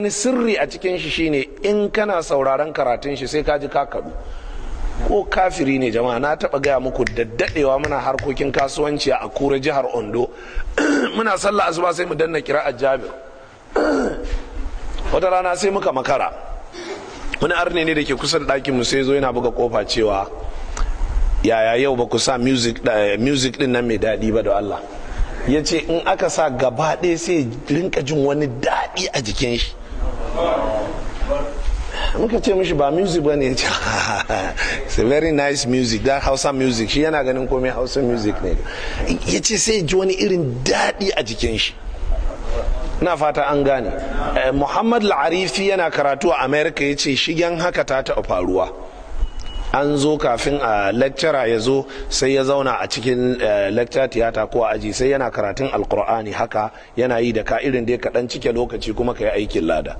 wani sirri a cikin shi shine in kana sauraron karatun shi sai kaji ka kaɗu ko kafiri ne jama'a na taɓa gaya muku da muna harkokin kasuwanci a kura jihar ondo muna sallah asuba sai mu danna kira a jabir wata rana sai muka makara wani arne ne da ke kusan da ɗakin mu sai zo yana buga kofa cewa yaya yau ba ku sa music din eh, nan mai daɗi ba da Allah ya ce in aka sa gaba ɗaya sai rinka jin wani daɗi a jikin shi muka ce mishi ba music ba ne ce it's a very nice music that hausa music shi yana ganin komai hausa music ne ya ce sai ji wani irin daɗi a jikin shi na fata an gane eh, muhammad la'arifi yana karatu a amerika ya ce shigen haka ta taɓa faruwa an zo kafin a lecturer ya zo sai ya zauna a cikin eh, lecture tiyata ko aji sai yana karatun alkur'ani haka yana yi da ka irin dai kaɗan cike lokaci kuma ka yi aikin lada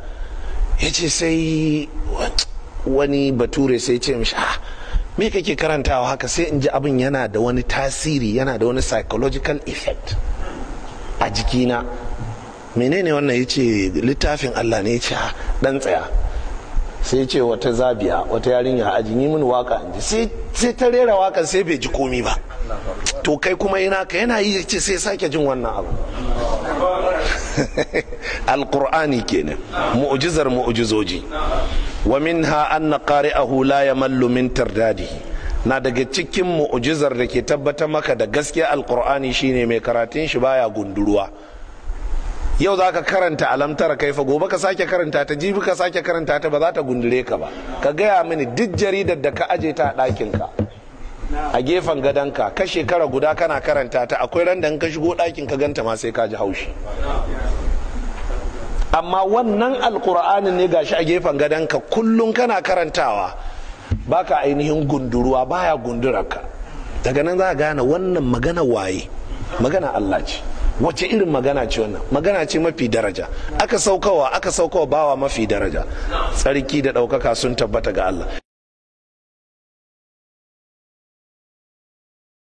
ya ce sai wani bature sai ce mishi ah, me kake karantawa haka sai in ji abin yana da wani tasiri yana da wani psychological effect a jikina menene wannan ya ce littafin allah ne ya ce dan ah, tsaya sai ce wata zabiya wata yarinya aji ni min waka inji sai ta rera waka sai bai ji komi ba to kai kuma yana ka yana yi ce sai sake jin wannan abu alqur'ani kenan mu'jizar mu'jizoji wa minha anna qari'ahu la yamallu min tardadihi na daga cikin mu'jizar da ke tabbatar maka da gaskiya alkur'ani shine mai karatun shi baya gunduruwa yau za ka karanta alamtar kaifa gobe ka sake karanta ta jibi ka sake karanta ta ba za ta gundure ka ba ka gaya mini duk jaridar da ka aje ta a ɗakinka a gefen gadon ka shekara guda kana karanta ta akwai ran da ka shigo ɗakin ka ganta ma sai ka ji haushi amma wannan alkur'anin ne gashi a gefen gadon ka kullum kana karantawa baka ainihin gunduruwa baya ka daga nan za a gane wannan magana waye magana Allah ce wace irin magana ce wannan magana ce mafi daraja aka saukawa aka saukawa bawa mafi daraja tsarki da ɗaukaka sun tabbata ga Allah